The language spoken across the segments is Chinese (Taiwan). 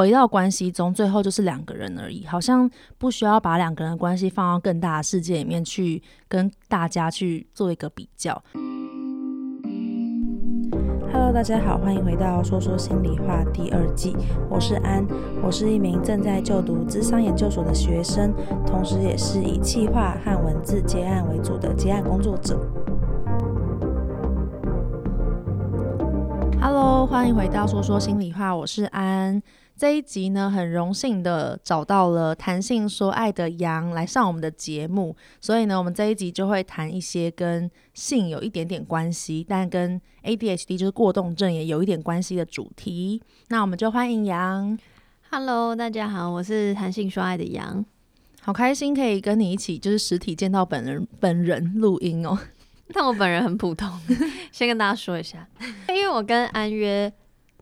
回到關係中，最後就是兩個人而已，好像不需要把兩個人的關係放到更大的世界裡面去跟大家去做一個比較。Hello，大家好，歡迎回到《說說心理話》第二季，我是安，我是一名正在就讀諮商研究所的學生，同時也是以企劃和文字接案為主的接案工作者。Hello，歡迎回到《說說心理話》，我是安。這一集呢，很榮幸的找到了談性說愛的揚來上我們的節目，所以呢，我們這一集就會談一些跟性有一點點關係，但跟 ADHD 就是過動症也有一點關係的主題。那我們就歡迎揚。Hello，大家好，我是談性說愛的揚，好開心可以跟你一起，就是實體見到本人本人錄音哦。但我本人很普通， 先跟大家說一下， 因為我跟安約。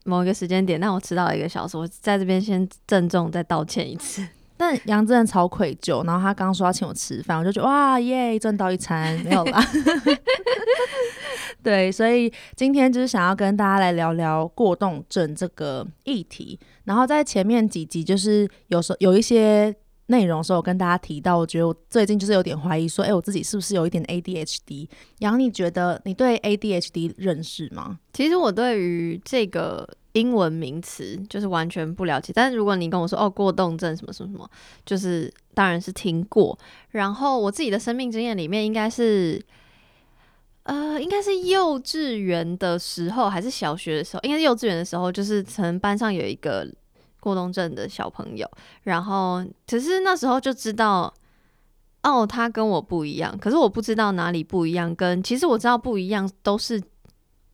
某一個時間點，那我遲到了一個小時。我在這邊先鄭重再道歉一次。但楊真超愧疚，然後他剛說要請我吃飯，我就覺得哇耶，賺到一餐，沒有啦。 對，所以今天就是想要跟大家來聊聊過動症這個議題。然後在前面幾集，就是有時候有一些。內容的時候，我跟大家提到，我覺得我最近就是有點懷疑，說，哎、欸，我自己是不是有一點 ADHD？然後你覺得你對 ADHD 認識嗎？其實我對於這個英文名詞就是完全不了解，但是如果你跟我說，哦，過動症什麼什麼什麼，就是當然是聽過。然後我自己的生命經驗裡面，應該是，呃，應該是幼稚園的時候還是小學的時候，應該是幼稚園的時候，就是曾班上有一個。過動症的小朋友，然後只是那時候就知道，哦，他跟我不一樣，可是我不知道哪裡不一樣。跟其實我知道不一樣，都是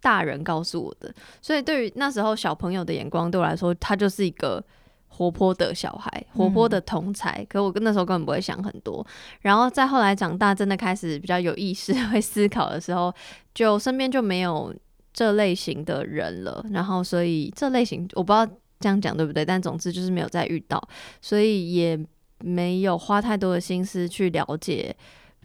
大人告訴我的。所以對於那時候小朋友的眼光，對我來說，他就是一個活潑的小孩，活潑的同儕、嗯。可我那時候根本不會想很多。然後再後來長大，真的開始比較有意識、會思考的時候，就身邊就沒有這類型的人了。然後，所以這類型，我不知道。這樣講對不對？但總之就是沒有再遇到，所以也沒有花太多的心思去了解，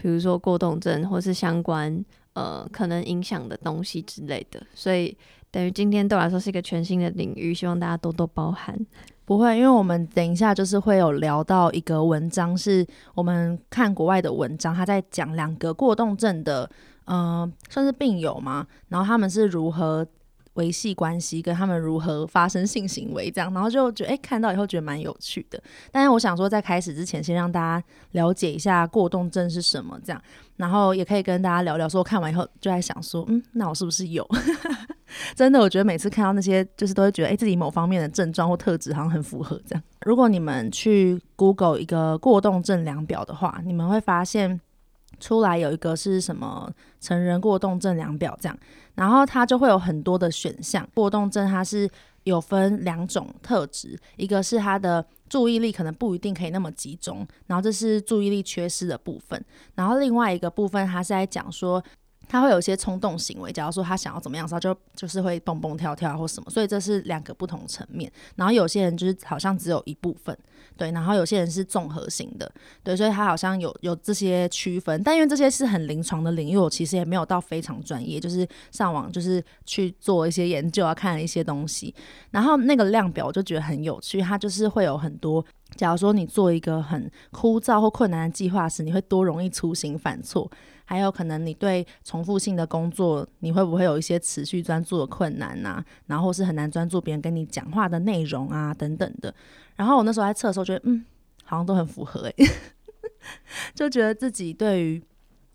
比如說過動症或是相關呃，可能影響的東西之類的。所以等於今天對我來說是一個全新的領域，希望大家多多包涵。不會，因為我們等一下就是會有聊到一個文章，是我們看國外的文章，他在講兩個過動症的呃，算是病友嘛，然後他們是如何，維繫關係跟他們如何發生性行為這樣，然後就覺得誒，看到以後覺得蠻有趣的。但是我想說，在開始之前，先讓大家了解一下過動症是什麼這樣，然後也可以跟大家聊聊說，看完以後就在想說，嗯，那我是不是有？ 真的，我覺得每次看到那些，就是都會覺得誒，自己某方面的症狀或特質好像很符合這樣。如果你們去 Google 一個過動症量表的話，你們會發現。出來有一個是什麼成人過動症量表這樣，然後他就會有很多的選項。過動症它是有分兩種特質，一個是他的注意力可能不一定可以那麼集中，然後這是注意力缺失的部分。然後另外一個部分，他是在講說他會有一些衝動行為，假如說他想要怎麼樣，他就就是會蹦蹦跳跳或什麼。所以這是兩個不同層面。然後有些人就是好像只有一部分，對，然後有些人是綜合型的，對，所以他好像有有這些區分，但因為這些是很臨床的領域，我其實也沒有到非常專業，就是上網就是去做一些研究啊，看一些東西。然後那個量表我就覺得很有趣，它就是會有很多，假如說你做一個很枯燥或困難的計劃時，你會多容易粗心犯錯，還有可能你對重複性的工作，你會不會有一些持續專注的困難啊？然後是很難專注別人跟你講話的內容啊，等等的。然後我那時候在測的時候，覺得嗯，好像都很符合誒、欸， 就覺得自己對於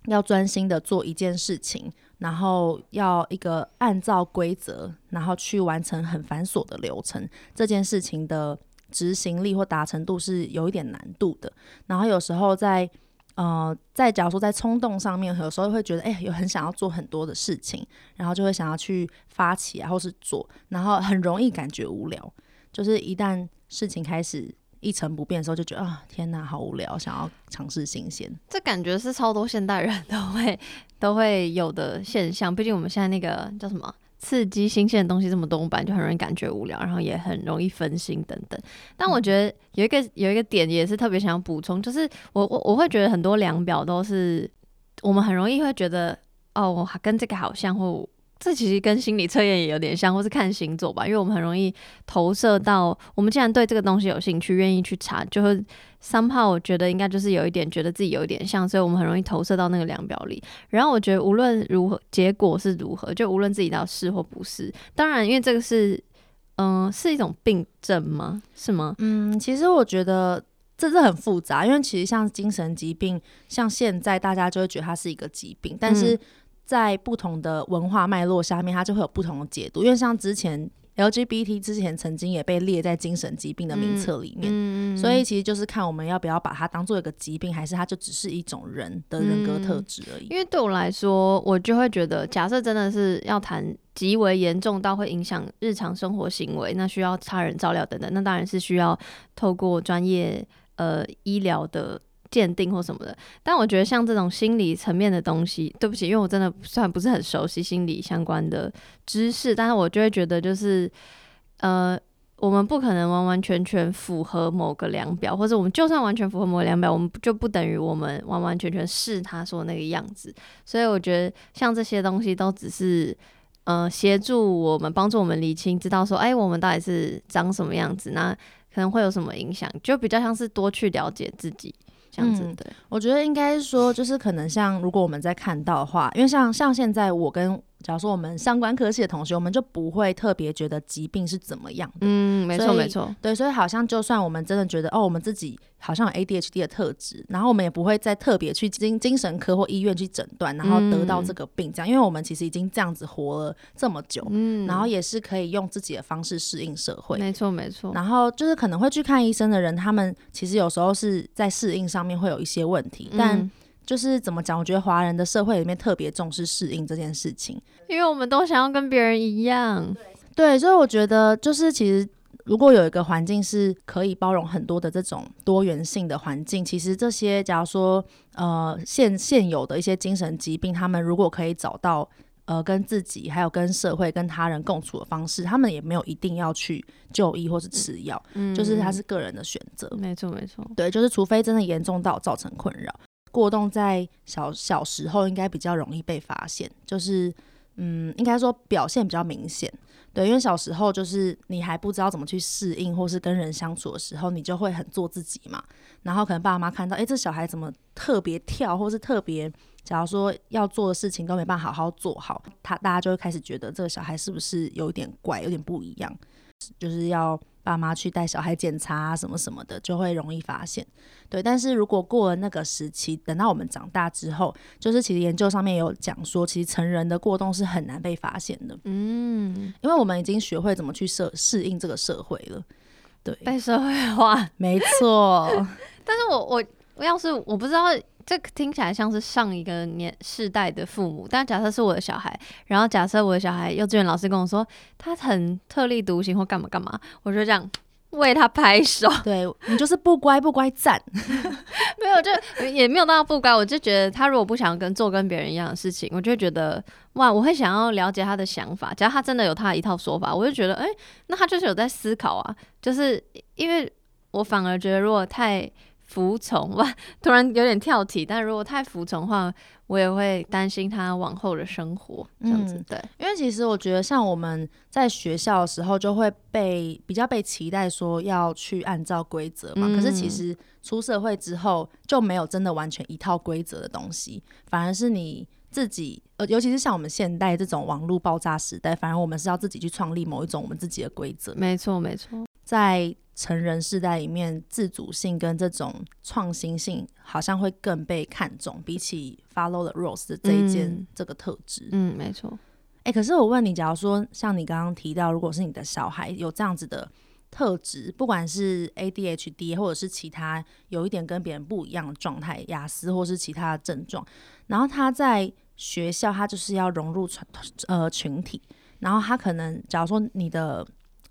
要專心的做一件事情，然後要一個按照規則，然後去完成很繁瑣的流程，這件事情的執行力或達成度是有一點難度的。然後有時候在呃，在假如說在衝動上面，有時候會覺得哎、欸，有很想要做很多的事情，然後就會想要去發起、啊，或是做，然後很容易感覺無聊，就是一旦。事情開始一成不變的時候，就覺得啊，天哪，好無聊，想要嘗試新鮮。這感覺是超多現代人都會都會有的現象。畢竟我們現在那個叫什麼刺激新鮮的東西這麼多，本來就很容易感覺無聊，然後也很容易分心等等。但我覺得有一個有一個點也是特別想要補充，就是我我我會覺得很多量表都是我們很容易會覺得哦，我跟這個好像或。這其實跟心理測驗也有點像，或是看星座吧，因為我們很容易投射到我們既然對這個東西有興趣，願意去查，就會三怕。我覺得應該就是有一點覺得自己有一點像，所以我們很容易投射到那個量表裡。然後我覺得無論如何，結果是如何，就無論自己到底是或不是，當然，因為這個是，嗯、呃，是一種病症嗎？是嗎？嗯，其實我覺得這是很複雜，因為其實像精神疾病，像現在大家就會覺得它是一個疾病，嗯、但是。在不同的文化脈絡下面，它就會有不同的解讀。因為像之前 LGBT 之前曾經也被列在精神疾病的名冊裡面，嗯嗯，所以其實就是看我們要不要把它當作一個疾病，還是它就只是一種人的人格特質而已，嗯。因為對我來說，我就會覺得，假設真的是要談極為嚴重到會影響日常生活行為，那需要他人照料等等，那當然是需要透過專業呃醫療的。鑑定或什麼的，但我覺得像這種心理層面的東西，對不起，因為我真的算不是很熟悉心理相關的知識，但是我就會覺得就是，呃，我們不可能完完全全符合某個量表，或者我們就算完全符合某個量表，我們就不等於我們完完全全是他說的那個樣子。所以我覺得像這些東西都只是，呃，協助我們幫助我們理清，知道說，哎、欸，我們到底是長什麼樣子，那可能會有什麼影響，就比較像是多去了解自己。這樣子對、嗯、我覺得應該說，就是可能像，如果我們在看到的話，因為像像現在我跟。假如說我們相關科系的同學，我們就不會特別覺得疾病是怎麼樣的，嗯，沒錯沒錯，對，所以好像就算我們真的覺得哦，我們自己好像有 ADHD 的特質，然後我們也不會再特別去精精神科或醫院去診斷，然後得到這個病這樣，嗯，因為我們其實已經這樣子活了這麼久，嗯，然後也是可以用自己的方式適應社會，沒錯沒錯。然後就是可能會去看醫生的人，他們其實有時候是在適應上面會有一些問題，嗯，但。就是怎麼講？我覺得華人的社會裡面特別重視適應這件事情，因為我們都想要跟別人一樣，嗯。對，所以我覺得就是，其實如果有一個環境是可以包容很多的這種多元性的環境，其實這些假如說呃現現有的一些精神疾病，他們如果可以找到呃跟自己還有跟社會跟他人共處的方式，他們也沒有一定要去就醫或是吃藥，嗯，就是他是個人的選擇。沒錯，沒錯。對，就是除非真的嚴重到造成困擾。過動在小小時候應該比較容易被發現，就是嗯，應該說表現比較明顯。對，因為小時候就是你還不知道怎麼去適應，或是跟人相處的時候，你就會很做自己嘛。然後可能爸媽看到，哎、欸，這小孩怎麼特別跳，或是特別，假如說要做的事情都沒辦法好好做好，他大家就會開始覺得這個小孩是不是有一點怪，有點不一樣，就是要。爸媽去帶小孩檢查啊，什麼什麼的，就會容易發現。對，但是如果過了那個時期，等到我們長大之後，就是其實研究上面也有講說，其實成人的過動是很難被發現的。嗯，因為我們已經學會怎麼去適適應這個社會了。對，被社會化沒錯。 但是我我，我要是我不知道。這聽起來像是上一個年世代的父母，但假設是我的小孩，然後假設我的小孩幼稚園老師跟我說他很特立獨行或幹嘛幹嘛，我就這樣為他拍手。對，你就是不乖不乖讚， 沒有就也沒有那麼不乖，我就覺得他如果不想要跟做跟別人一樣的事情，我就覺得哇，我會想要了解他的想法。只要他真的有他一套說法，我就覺得哎、欸，那他就是有在思考啊。就是因為我反而覺得如果太。服從吧，突然有點跳題。但如果太服從的話，我也會擔心他往後的生活這樣子。對，嗯，因為其實我覺得，像我們在學校的時候，就會被比較被期待說要去按照規則嘛，嗯。可是其實出社會之後，就沒有真的完全一套規則的東西，反而是你自己，呃，尤其是像我們現代這種網絡爆炸時代，反而我們是要自己去創立某一種我們自己的規則。沒錯，沒錯，在。成人世代裡面，自主性跟這種創新性好像會更被看重，比起 follow the rules 的這一件、嗯、這個特質、嗯。嗯，沒錯。誒、欸，可是我問你，假如說像你剛剛提到，如果是你的小孩有這樣子的特質，不管是 ADHD 或者是其他有一點跟別人不一樣的狀態、亞斯或是其他的症狀，然後他在學校，他就是要融入傳呃群體，然後他可能假如說你的。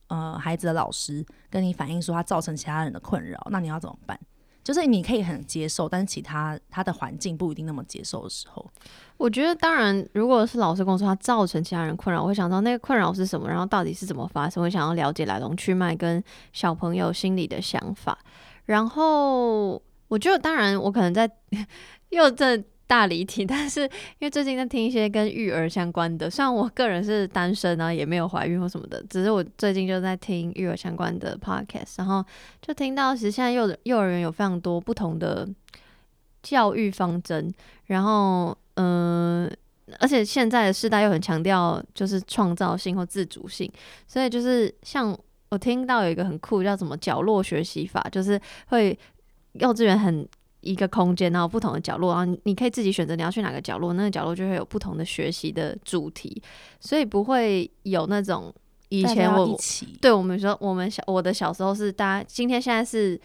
呃，孩子的老師跟你反映說他造成其他人的困擾，那你要怎麼辦？就是你可以很接受，但是其他他的環境不一定那麼接受的時候，我覺得當然，如果是老師跟我說他造成其他人困擾，我會想到那個困擾是什麼，然後到底是怎麼發生，我想要了解來龍去脈跟小朋友心裡的想法，然後我覺得當然，我可能在 又在。大離題，但是因為最近在聽一些跟育兒相關的，雖然我個人是單身啊，也沒有懷孕或什麼的，只是我最近就在聽育兒相關的 podcast，然後就聽到，其實現在幼兒幼兒園有非常多不同的教育方針，然後嗯、呃，而且現在的世代又很強調就是創造性或自主性，所以就是像我聽到有一個很酷叫什麼角落學習法，就是會幼稚園很。一個空間，然後不同的角落然後，你你可以自己選擇你要去哪個角落，那個角落就會有不同的學習的主題，所以不會有那種以前我，一起我對，我們說我們小我的小時候是大家今天現在是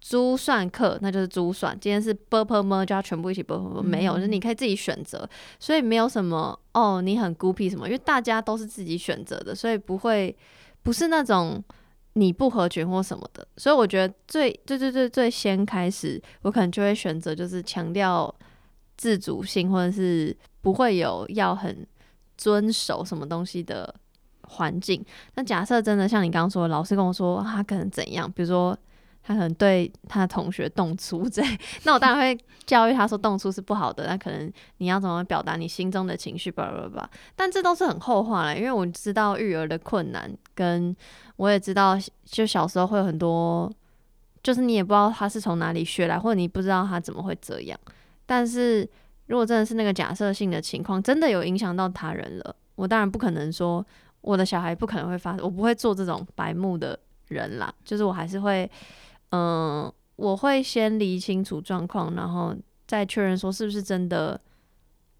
珠算課，那就是珠算，今天是 purple m e r 全部一起 purple，嗯、沒有，就是你可以自己選擇，所以沒有什麼哦，你很孤僻什麼，因為大家都是自己選擇的，所以不會不是那種。你不合群或什麼的，所以我覺得最最最最最先開始，我可能就會選擇就是強調自主性，或者是不會有要很遵守什麼東西的環境。那假設真的像你剛剛說，老師跟我說他、啊、可能怎樣，比如說。他可能對他的同學動粗，對，那我當然會教育他說，動粗是不好的。那可能你要怎麼表達你心中的情緒吧吧吧。但這都是很後話了，因為我知道育兒的困難，跟我也知道，就小時候會有很多，就是你也不知道他是從哪裡學來，或者你不知道他怎麼會這樣。但是如果真的是那個假設性的情況，真的有影響到他人了，我當然不可能說我的小孩不可能會發，我不會做這種白目的人啦，就是我還是會。嗯，我會先理清楚狀況，然後再確認說是不是真的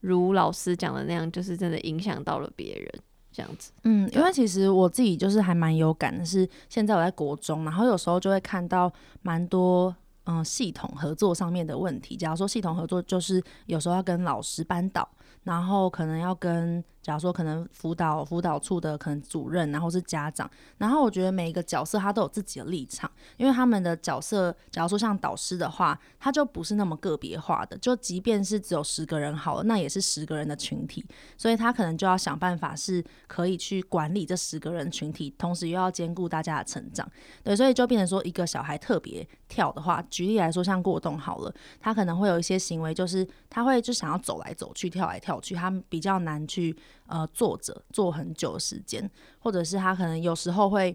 如老師講的那樣，就是真的影響到了別人這樣子。嗯，因為其實我自己就是還蠻有感的，是現在我在國中，然後有時候就會看到蠻多嗯系統合作上面的問題，假如說系統合作就是有時候要跟老師班導，然後可能要跟。假如說可能輔導輔導處的可能主任，然後是家長，然後我覺得每一個角色他都有自己的立場，因為他們的角色，假如說像導師的話，他就不是那麼個別化的，就即便是只有十個人好了，那也是十個人的群體，所以他可能就要想辦法是可以去管理這十個人群體，同時又要兼顧大家的成長，對，所以就變成說一個小孩特別跳的話，舉例來說像過動好了，他可能會有一些行為，就是他會就想要走來走去，跳來跳去，他比較難去。呃，坐着坐很久的時間，或者是他可能有時候會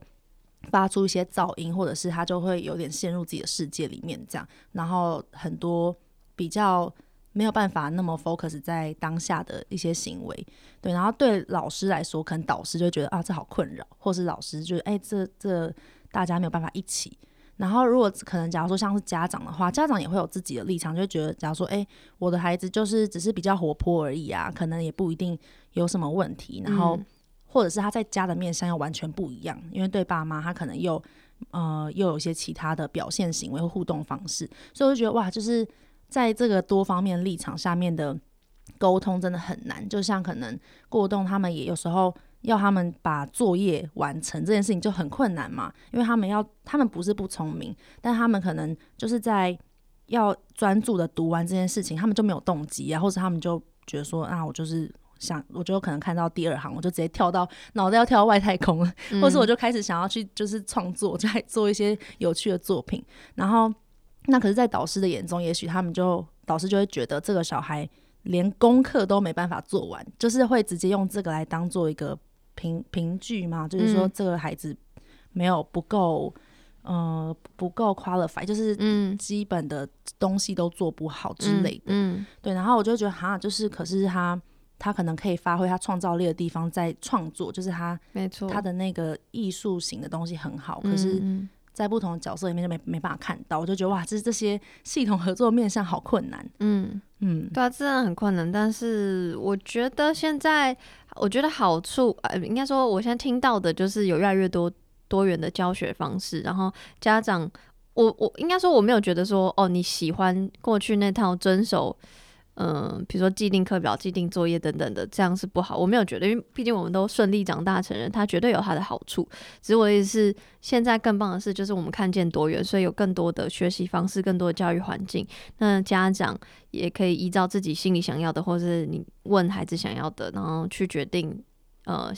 發出一些噪音，或者是他就會有點陷入自己的世界裡面，這樣，然後很多比較沒有辦法那麼 focus 在當下的一些行為，對，然後對老師來說，可能導師就會覺得啊，這好困擾，或是老師就是哎，這這大家沒有辦法一起。然後，如果可能，假如說像是家長的話，家長也會有自己的立場，就會覺得假如說，誒、欸，我的孩子就是只是比較活潑而已啊，可能也不一定有什麼問題。然後，或者是他在家的面相又完全不一樣、嗯，因為對爸媽他可能又呃又有一些其他的表現行為和互動方式，所以我就覺得哇，就是在這個多方面立場下面的溝通真的很難。就像可能過動他們也有時候。要他們把作業完成這件事情就很困難嘛，因為他們要，他們不是不聰明，但他們可能就是在要專注的讀完這件事情，他們就沒有動機，啊。或者他們就覺得說啊，我就是想，我就可能看到第二行，我就直接跳到腦袋要跳到外太空了、嗯，或是我就開始想要去就是創作，就來做一些有趣的作品。然後，那可是，在導師的眼中，也許他們就導師就會覺得這個小孩連功課都沒辦法做完，就是會直接用這個來當做一個。憑憑據嘛，就是說這個孩子沒有不夠、嗯，呃，不夠 qualify，就是基本的東西都做不好之類的。嗯，嗯對。然後我就覺得，哈，就是可是他他可能可以發揮他創造力的地方在創作，就是他沒錯，他的那個藝術型的東西很好，可是，在不同的角色裡面就沒、嗯、沒辦法看到。我就覺得哇，這、就是、這些系統合作面向好困難。嗯嗯，對啊，自然很困難。但是我覺得現在。我覺得好處，呃，應該說，我現在聽到的就是有越來越多多元的教學方式，然後家長，我我應該說，我沒有覺得說，哦，你喜歡過去那套遵守。嗯、呃，比如說既定課表、既定作業等等的，這樣是不好。我沒有覺得，因為畢竟我們都順利長大成人，他絕對有他的好處。只是我也是，現在更棒的是，就是我們看見多元，所以有更多的學習方式、更多的教育環境。那家長也可以依照自己心裡想要的，或是你問孩子想要的，然後去決定呃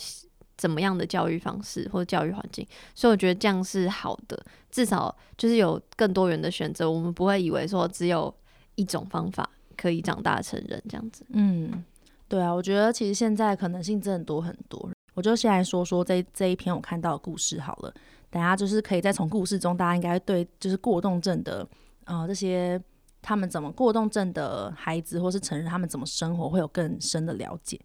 怎麼樣的教育方式或教育環境。所以我覺得這樣是好的，至少就是有更多元的選擇。我們不會以為說只有一種方法。可以長大成人這樣子，嗯，對啊，我覺得其實現在可能性真的多很多。我就先來說說這一這一篇我看到的故事好了，等下就是可以再從故事中大家應該對就是過動症的呃這些他們怎麼過動症的孩子或是成人他們怎麼生活會有更深的了解。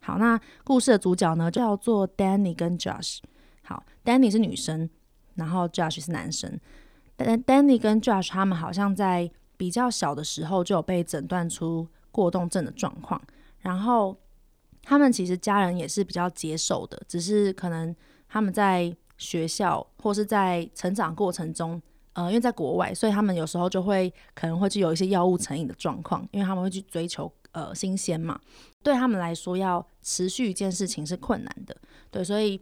好，那故事的主角呢叫做 Danny 跟 Josh，好，Danny 是女生，然後 Josh 是男生。但 Dan, Danny 跟 Josh 他們好像在。比較小的時候就有被診斷出過動症的狀況，然後他們其實家人也是比較接受的，只是可能他們在學校或是在成長過程中，呃，因為在國外，所以他們有時候就會可能會去有一些藥物成癮的狀況，因為他們會去追求呃新鮮嘛，對他們來說要持續一件事情是困難的，對，所以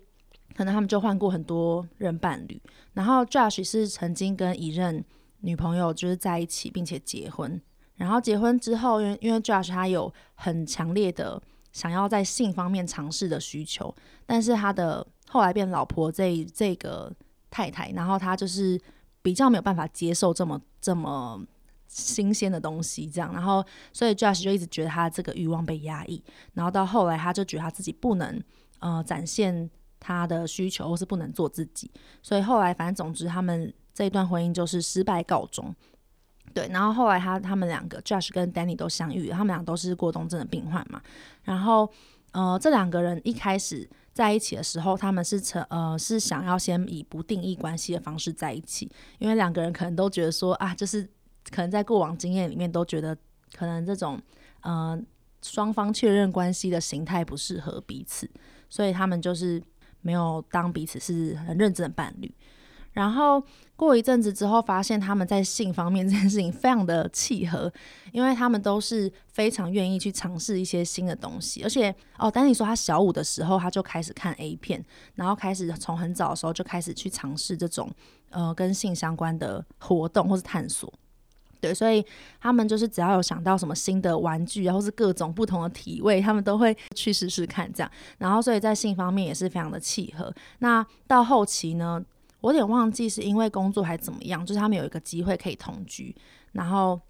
可能他們就換過很多任伴侶，然後 Josh 是曾經跟一任。女朋友就是在一起，並且結婚。然後結婚之後，因為因為 Josh 他有很強烈的想要在性方面嘗試的需求，但是他的後來變老婆這這個太太，然後他就是比較沒有辦法接受這麼這麼新鮮的東西，這樣。然後所以 Josh 就一直覺得他這個慾望被壓抑，然後到後來他就覺得他自己不能呃展現他的需求，或是不能做自己。所以後來反正總之他們。這一段婚姻就是失敗告終，對。然後後來他他們兩個 Josh 跟 Danny 都相遇了，他們倆都是過動症的病患嘛。然後呃，這兩個人一開始在一起的時候，他們是成呃是想要先以不定義關係的方式在一起，因為兩個人可能都覺得說啊，就是可能在過往經驗裡面都覺得可能這種呃雙方確認關係的形態不適合彼此，所以他們就是沒有當彼此是很認真的伴侶。然後過一陣子之後，發現他們在性方面這件事情非常的契合，因為他們都是非常願意去嘗試一些新的東西。而且哦，丹尼說他小五的時候，他就開始看 A 片，然後開始從很早的時候就開始去嘗試這種呃跟性相關的活動或是探索。對，所以他們就是只要有想到什麼新的玩具，然後是各種不同的體位，他們都會去試試看這樣。然後，所以在性方面也是非常的契合。那到後期呢？我有點忘記是因為工作還怎麼樣，就是他們有一個機會可以同居，然後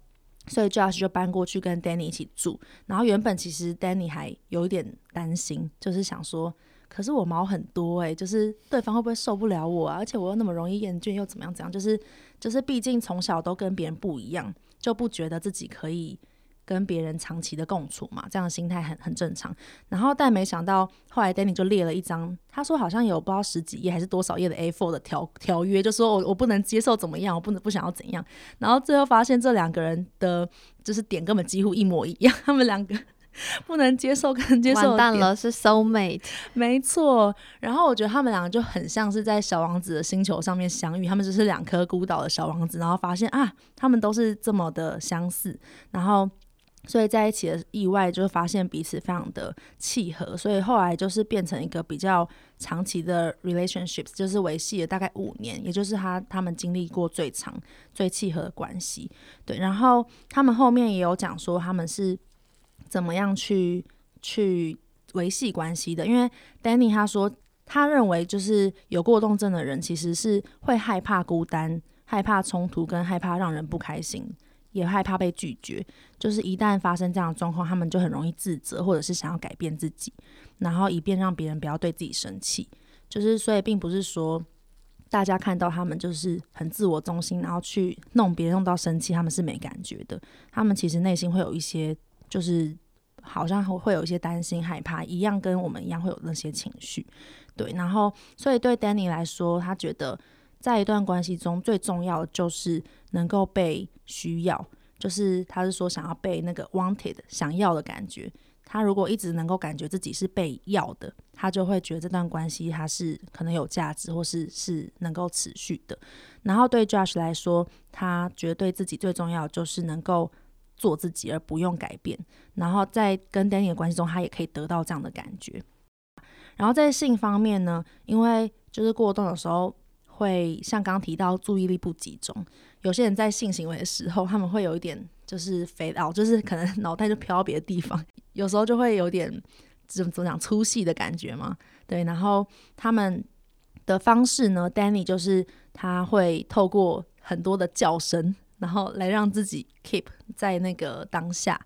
所以 Josh 就搬過去跟 Danny 一起住。然後原本其實 Danny 還有點擔心，就是想說，可是我毛很多欸，就是對方會不會受不了我啊？而且我又那麼容易厭倦，又怎麼樣怎樣？就是就是畢竟從小都跟別人不一樣，就不覺得自己可以。跟別人長期的共處嘛，這樣的心態很很正常。然後，但沒想到後來 Danny 就列了一張，他說好像有不知道十幾頁還是多少頁的 A4 的條條約，就說我我不能接受怎麼樣，我不能不想要怎樣。然後最後發現這兩個人的就是點根本幾乎一模一樣，他們兩個 不能接受跟接受完蛋了是 soulmate，沒錯。然後我覺得他們兩個就很像是在小王子的星球上面相遇，他們就是兩顆孤島的小王子，然後發現啊，他們都是這麼的相似，然後。所以在一起的意外就發現彼此非常的契合，所以後來就是變成一個比較長期的 relationships，就是維繫了大概五年，也就是他他們經歷過最長、最契合的關係。對，然後他們後面也有講說他們是怎麼樣去去維繫關係的，因為 Danny 他說他認為就是有過動症的人其實是會害怕孤單、害怕衝突跟害怕讓人不開心。也害怕被拒絕，就是一旦發生這樣的狀況，他們就很容易自責，或者是想要改變自己，然後以便讓別人不要對自己生氣。就是所以，並不是說大家看到他們就是很自我中心，然後去弄別人弄到生氣，他們是沒感覺的。他們其實內心會有一些，就是好像會有一些擔心、害怕，一樣跟我們一樣會有那些情緒。對，然後所以對 Danny 來說，他覺得。在一段關係中，最重要的就是能夠被需要，就是他是說想要被那個 wanted 想要的感覺。他如果一直能夠感覺自己是被要的，他就會覺得這段關係它是可能有價值，或是是能夠持續的。然後對 Josh 來說，他覺得對自己最重要的就是能夠做自己而不用改變。然後在跟 Danny 的關係中，他也可以得到這樣的感覺。然後在性方面呢，因為就是過動的時候，會像剛剛提到注意力不集中，有些人在性行為的時候，他們會有一點就是 fade out，就是可能腦袋就飄到別的地方，有時候就會有點怎麼怎麼講粗細的感覺嘛。對，然後他們的方式呢，Danny 就是他會透過很多的叫聲，然後來讓自己 keep 在那個當下，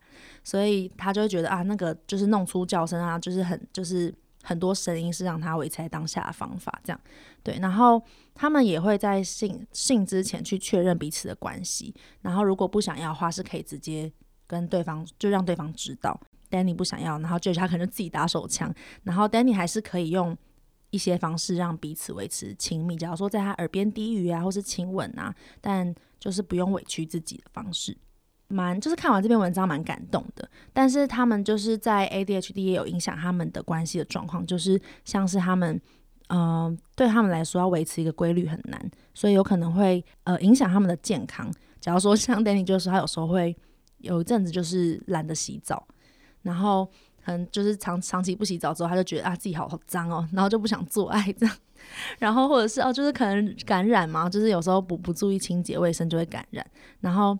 所以他就會覺得啊，那個就是弄出叫聲啊，就是很就是。很多聲音是讓他維持在當下的方法，這樣對。然後他們也會在性，性之前去確認彼此的關係。然後如果不想要的話，是可以直接跟對方就讓對方知道 Danny 不想要。然後就是他可能就自己打手槍，然後 Danny 還是可以用一些方式讓彼此維持親密，假如說在他耳邊低語啊，或是親吻啊，但就是不用委屈自己的方式。蠻就是看完這篇文章蠻感動的，但是他們就是在 A D H D 也有影響他們的關係的狀況，就是像是他們，嗯、呃，對他們來說要維持一個規律很難，所以有可能會呃影響他們的健康。假如說像 Danny 就是他有時候會有一陣子就是懶得洗澡，然後可能就是長長期不洗澡之後他就覺得啊自己好髒哦，然後就不想做愛這樣，然後或者是哦就是可能感染嘛，就是有時候不不注意清潔衛生就會感染，然後。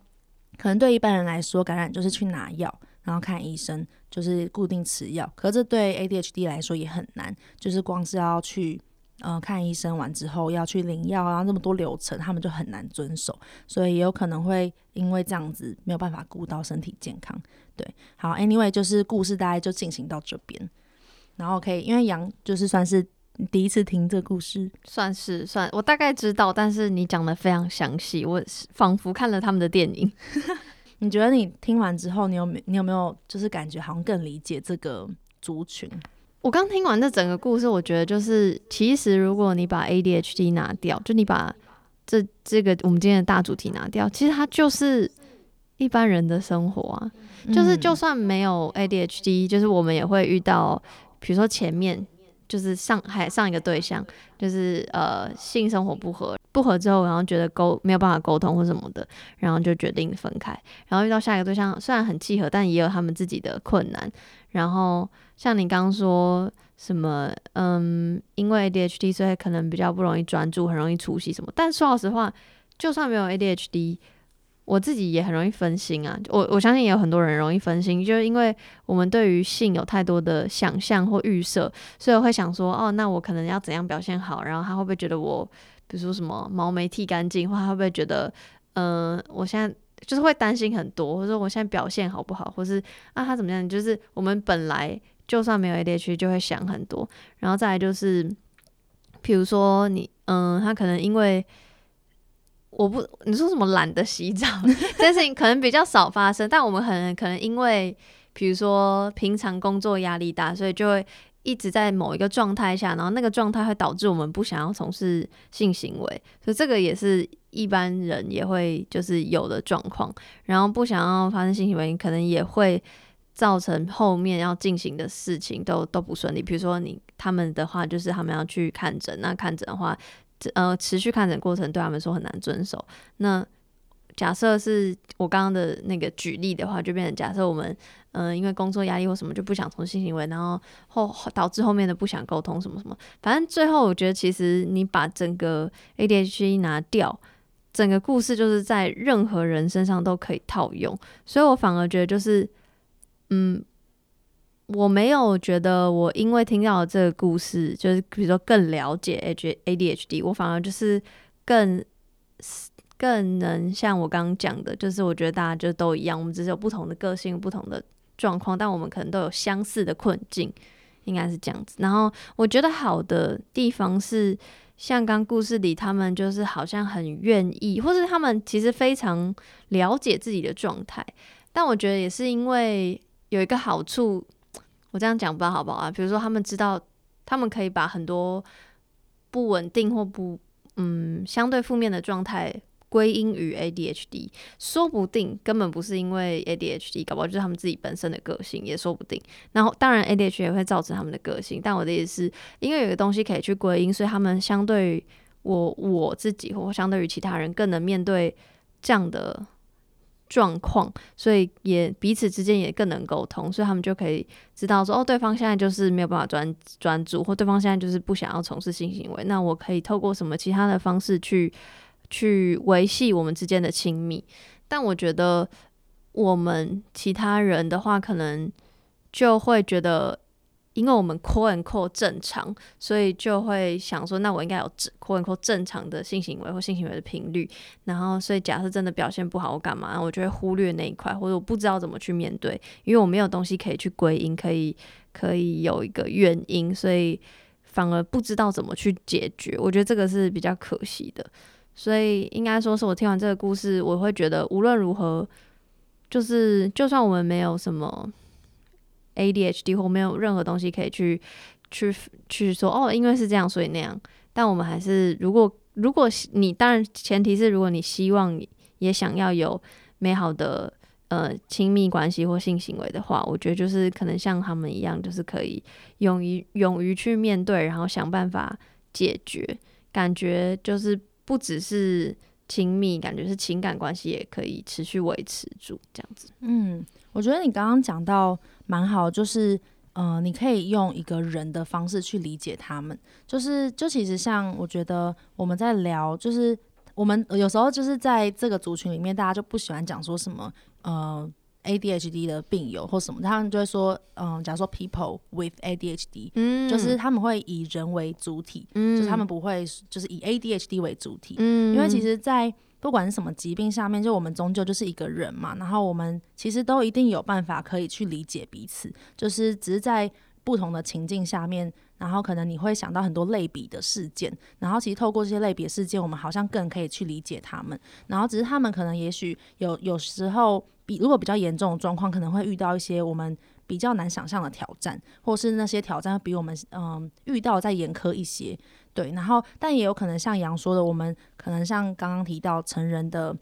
可能對一般人來說，感染就是去拿藥，然後看醫生，就是固定吃藥。可是這對 ADHD 來說也很難，就是光是要去，嗯、呃、看醫生完之後要去領藥，啊，那麼多流程，他們就很難遵守。所以也有可能會因為這樣子沒有辦法顧到身體健康。對，好，Anyway 就是故事大概就進行到這邊，然後可以，okay, 因為揚就是算是。你第一次聽這故事，算是算我大概知道，但是你講得非常詳細，我仿佛看了他們的電影。 你覺得你聽完之後，你有沒有你有沒有就是感覺好像更理解這個族群？我剛聽完這整個故事，我覺得就是其實如果你把 ADHD 拿掉，就你把這這個我們今天的大主題拿掉，其實它就是一般人的生活啊，嗯、就是就算沒有 ADHD，就是我們也會遇到，比如說前面。就是上還上一個對象，就是呃性生活不合，不合之後，然後覺得溝沒有辦法溝通或什麼的，然後就決定分開。然後遇到下一個對象，雖然很契合，但也有他們自己的困難。然後像你剛剛說什麼，嗯，因為 ADHD，所以可能比較不容易專注，很容易出席什麼。但說老實話，就算沒有 ADHD。我自己也很容易分心啊，我我相信也有很多人容易分心，就是因為我們對於性有太多的想象或預設，所以我會想說，哦，那我可能要怎樣表現好，然後他會不會覺得我，比如說什麼毛沒剃乾淨，或他會不會覺得，嗯、呃，我現在就是會擔心很多，或者說我現在表現好不好，或是啊他怎麼樣，就是我們本來就算沒有 ADHD 就會想很多，然後再來就是，譬如說你，嗯、呃，他可能因為。我不，你說什麼懶得洗澡？ 這件事情可能比較少發生，但我們很可能因為，比如說平常工作壓力大，所以就會一直在某一個狀態下，然後那個狀態會導致我們不想要從事性行為，所以這個也是一般人也會就是有的狀況。然後不想要發生性行為，可能也會造成後面要進行的事情都都不順利。比如說你他們的話，就是他們要去看診，那看診的話。呃，持續看診的過程對他們說很難遵守。那假設是我剛剛的那個舉例的話，就變成假設我們嗯、呃，因為工作壓力或什麼就不想重新行為，然後後導致後面的不想溝通什麼什麼，反正最後我覺得其實你把整個 ADHD 拿掉，整個故事就是在任何人身上都可以套用，所以我反而覺得就是嗯。我沒有覺得我因為聽到這個故事，就是比如說更了解 ADHD，我反而就是更更能像我剛剛講的，就是我覺得大家就都一樣，我們只是有不同的個性、不同的狀況，但我們可能都有相似的困境，應該是這樣子。然後我覺得好的地方是，像剛故事裡他們就是好像很願意，或是他們其實非常了解自己的狀態，但我覺得也是因為有一個好處。我這樣講吧，好不好啊？比如說，他們知道，他們可以把很多不穩定或不嗯相對負面的狀態歸因於 ADHD，說不定根本不是因為 ADHD，搞不好就是他們自己本身的個性也說不定。然後，當然 ADHD 也會造成他們的個性，但我的意思是，因為有個東西可以去歸因，所以他們相對於我我自己，或相對於其他人，更能面對這樣的。狀況，所以也彼此之間也更能溝通，所以他們就可以知道說，哦，對方現在就是沒有辦法專專注，或對方現在就是不想要從事性行為，那我可以透過什麼其他的方式去去維繫我們之間的親密。但我覺得我們其他人的話，可能就會覺得。因為我們 “quote and quote” 正常，所以就會想說，那我應該有 “quote and quote” 正常的性行為或性行為的頻率。然後，所以假設真的表現不好，我幹嘛？我就會忽略那一塊，或者我不知道怎麼去面對，因為我沒有東西可以去歸因，可以可以有一個原因，所以反而不知道怎麼去解決。我覺得這個是比較可惜的。所以應該說，是我聽完這個故事，我會覺得無論如何，就是就算我們沒有什麼。ADHD 或沒有任何東西可以去去去說哦，因為是這樣，所以那樣。但我們還是，如果如果你當然前提是，如果你希望也想要有美好的呃親密關係或性行為的話，我覺得就是可能像他們一樣，就是可以勇於勇於去面對，然後想辦法解決。感覺就是不只是親密，感覺是情感關係也可以持續維持住這樣子。嗯。我覺得你剛剛講到蠻好，就是呃，你可以用一個人的方式去理解他們，就是就其實像我覺得我們在聊，就是我們有時候就是在這個族群裡面，大家就不喜歡講說什麼呃 ADHD 的病友或什麼，他們就會說嗯，呃，假如說 people with ADHD，嗯，就是他們會以人為主體，嗯，就是他們不會就是以 ADHD 為主體，嗯，因為其實，在不管是什麼疾病，下面就我們終究就是一個人嘛，然後我們其實都一定有辦法可以去理解彼此，就是只是在不同的情境下面，然後可能你會想到很多類比的事件，然後其實透過這些類比事件，我們好像更可以去理解他們，然後只是他們可能也許有有時候比如果比較嚴重的狀況，可能會遇到一些我們。比較難想象的挑戰，或是那些挑戰比我們嗯遇到再嚴苛一些，對，然後但也有可能像楊說的，我們可能像剛剛提到成人的。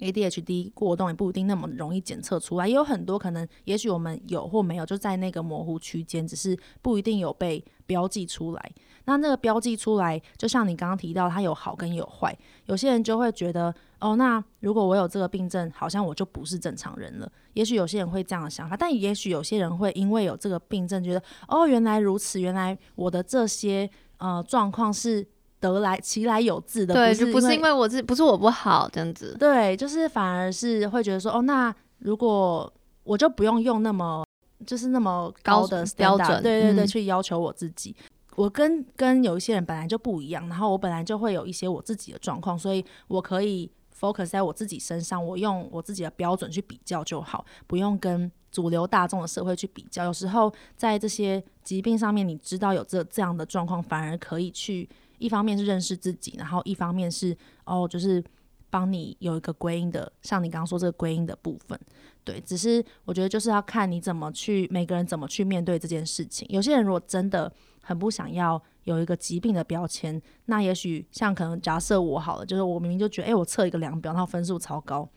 ADHD 過動也不一定那麼容易檢測出來，也有很多可能，也許我們有或沒有，就在那個模糊區間，只是不一定有被標記出來。那那個標記出來，就像你剛剛提到，它有好跟有壞。有些人就會覺得，哦，那如果我有這個病症，好像我就不是正常人了。也許有些人會這樣的想法，但也許有些人會因為有這個病症，覺得，哦，原來如此，原來我的這些呃狀況是。得來其來有自的，對，不是因為我自己，不是我不好這樣子。對，就是反而是會覺得說，哦，那如果我就不用用那麼就是那麼高的 standard, 高標準，對對對，嗯，去要求我自己。我跟跟有一些人本來就不一樣，然後我本來就會有一些我自己的狀況，所以我可以 focus 在我自己身上，我用我自己的標準去比較就好，不用跟主流大眾的社會去比較。有時候在這些疾病上面，你知道有這這樣的狀況，反而可以去。一方面是認識自己，然後一方面是哦，就是幫你有一個歸因的，像你剛剛說這個歸因的部分，對，只是我覺得就是要看你怎麼去每個人怎麼去面對這件事情。有些人如果真的很不想要有一個疾病的標籤，那也許像可能假設我好了，就是我明明就覺得，哎、欸，我測一個量表，然後分數超高。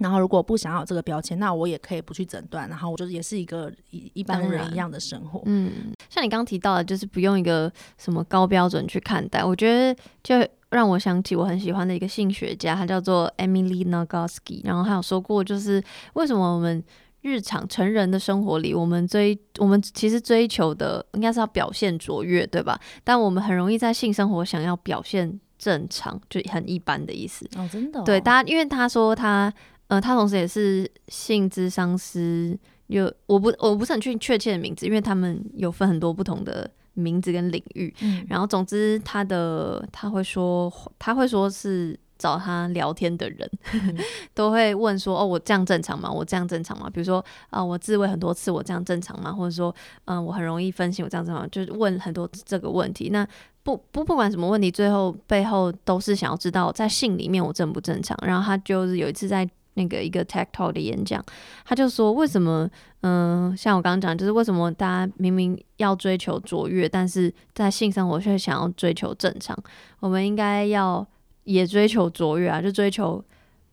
然後，如果不想要這個標籤，那我也可以不去診斷。然後，我就也是一個一一般人一樣的生活。嗯，像你剛提到的，就是不用一個什麼高標準去看待。我覺得，就讓我想起我很喜歡的一個性學家，他叫做 Emily Nagoski。然後，他有說過，就是為什麼我們日常成人的生活裡，我們追我們其實追求的應該是要表現卓越，對吧？但我們很容易在性生活想要表現正常，就很一般的意思。哦，真的哦。對，大家因為他說他。呃，他同時也是性諮商師，有我不我不是很確定確切的名字，因為他們有分很多不同的名字跟領域。嗯、然後總之，他的他會說他會說是找他聊天的人、嗯、 都會問說哦，我這樣正常嗎？我這樣正常嗎？比如說啊、呃，我自慰很多次，我這樣正常嗎？或者說嗯、呃，我很容易分心，我這樣正常嗎？就是問很多這個問題。那不不不管什麼問題，最後背後都是想要知道在性裡面我正不正常。然後他就是有一次在那個一個 tech talk 的演講，他就說，為什麼，嗯、呃，像我剛剛講，就是為什麼大家明明要追求卓越，但是在性生活卻想要追求正常？我們應該要也追求卓越啊，就追求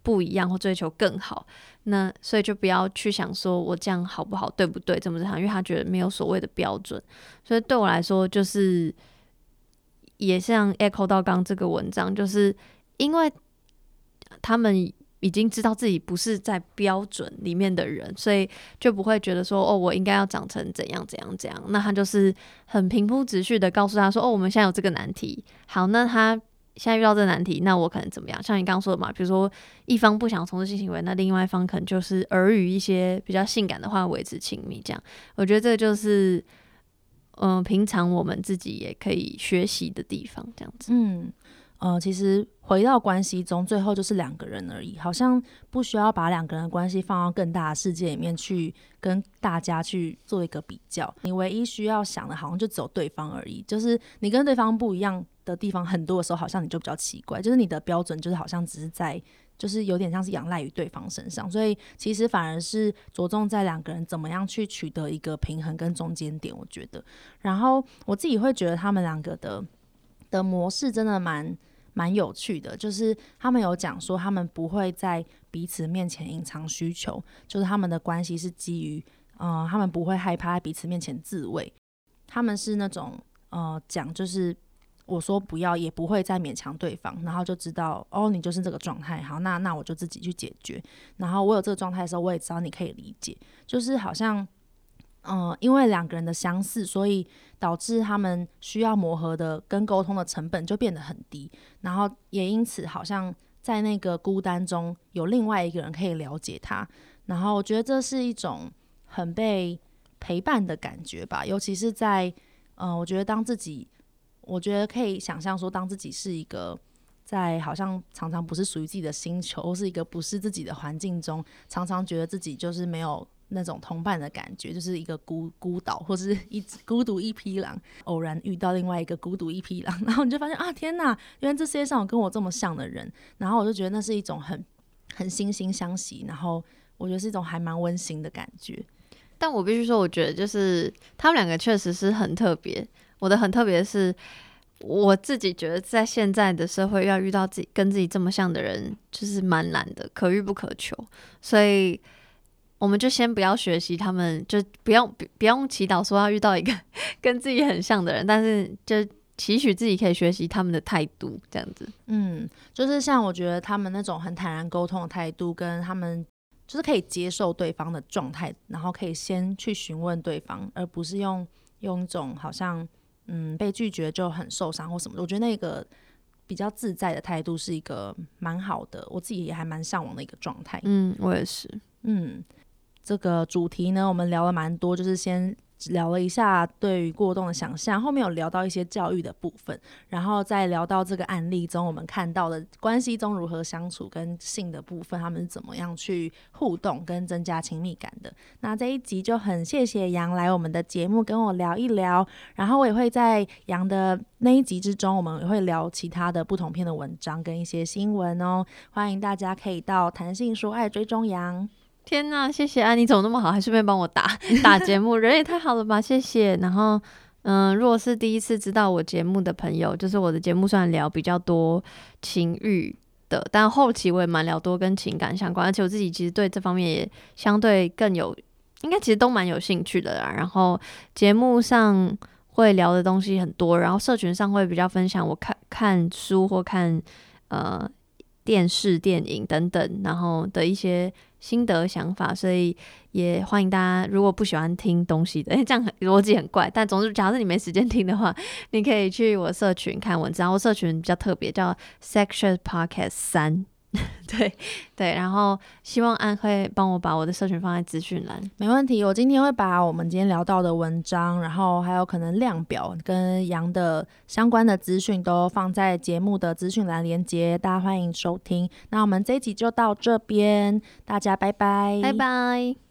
不一樣或追求更好。那所以就不要去想說我這樣好不好，對不對，怎麼怎樣，因為他覺得沒有所謂的標準。所以對我來說，就是也像 echo 到剛這個文章，就是因為他們。已經知道自己不是在標準裡面的人，所以就不會覺得說哦，我應該要長成怎樣怎樣怎樣。那他就是很平鋪直敘的告訴他說哦，我們現在有這個難題。好，那他現在遇到這個難題，那我可能怎麼樣？像你剛剛說的嘛，比如說一方不想從事性行為，那另外一方可能就是耳語一些比較性感的話維持親密。這樣，我覺得這個就是嗯、呃，平常我們自己也可以學習的地方，這樣子。嗯。呃，其實回到關係中，最後就是兩個人而已，好像不需要把兩個人的關係放到更大的世界裡面去跟大家去做一個比較。你唯一需要想的，好像就只有對方而已。就是你跟對方不一樣的地方很多的時候，好像你就比較奇怪。就是你的標準，就是好像只是在，就是有點像是仰賴於對方身上。所以其實反而是着重在兩個人怎麼樣去取得一個平衡跟中間點。我覺得，然後我自己會覺得他們兩個的的模式真的蠻。蠻有趣的，就是他們有講說，他們不會在彼此面前隱藏需求，就是他們的關係是基於，嗯、呃，他們不會害怕在彼此面前自慰，他們是那種，呃，講就是我說不要，也不會再勉強對方，然後就知道，哦，你就是這個狀態，好，那那我就自己去解決，然後我有這個狀態的時候，我也知道你可以理解，就是好像。嗯、呃，因為兩個人的相似，所以導致他們需要磨合的跟溝通的成本就變得很低，然後也因此好像在那個孤單中有另外一個人可以了解他，然後我覺得這是一種很被陪伴的感覺吧，尤其是在嗯、呃，我覺得當自己我覺得可以想象說，當自己是一個在好像常常不是屬於自己的星球，或是一個不是自己的環境中，常常覺得自己就是沒有。那種同伴的感覺，就是一個孤孤島，或是一孤獨一匹狼，偶然遇到另外一個孤獨一匹狼，然後你就發現啊，天哪！原來這世界上有跟我這麼像的人，然後我就覺得那是一種很很惺惺相惜，然後我覺得是一種還蠻溫馨的感覺。但我必須說，我覺得就是他們兩個確實是很特別。我的很特別是，我自己覺得在現在的社會，要遇到自己跟自己這麼像的人，就是蠻難的，可遇不可求。所以。我們就先不要學習他們，就不用不、不用祈禱說要遇到一個 跟自己很像的人，但是就期許自己可以學習他們的態度這樣子。嗯，就是像我覺得他們那種很坦然溝通的態度，跟他們就是可以接受對方的狀態，然後可以先去詢問對方，而不是用用一種好像嗯被拒絕就很受傷或什麼。我覺得那個比較自在的態度是一個蠻好的，我自己也還蠻嚮往的一個狀態。嗯，我也是。嗯。這個主題呢，我們聊了蠻多，就是先聊了一下對於過動的想象後面有聊到一些教育的部分，然後再聊到這個案例中我們看到的關係中如何相處跟性的部分，他們是怎麼樣去互動跟增加親密感的。那這一集就很謝謝楊來我們的節目跟我聊一聊，然後我也會在楊的那一集之中，我們也會聊其他的不同篇的文章跟一些新聞哦，歡迎大家可以到談性說愛追蹤楊。天哪，謝謝啊！你怎麼那麼好，還順便幫我打打節目， 人也太好了吧？謝謝。然後，嗯、呃，如果是第一次知道我節目的朋友，就是我的節目雖然聊比較多情欲的，但後期我也蠻聊多跟情感相關，而且我自己其實對這方面也相對更有，應該其實都蠻有興趣的啦。然後節目上會聊的東西很多，然後社群上會比較分享我看看書或看呃電視、電影等等，然後的一些心得想法，所以也歡迎大家。如果不喜歡聽東西的，因、欸、為，這樣很邏輯很怪，但總之，假如你沒時間聽的話，你可以去我社群看文章。然後，我社群比較特別，叫 Sexual Podcast 三。 對對，然後希望安可以幫我把我的社群放在資訊欄，沒問題。我今天會把我們今天聊到的文章，然後還有可能量表跟揚的相關的資訊都放在節目的資訊欄連結，大家歡迎收聽。那我們這一集就到這邊，大家拜拜，拜拜。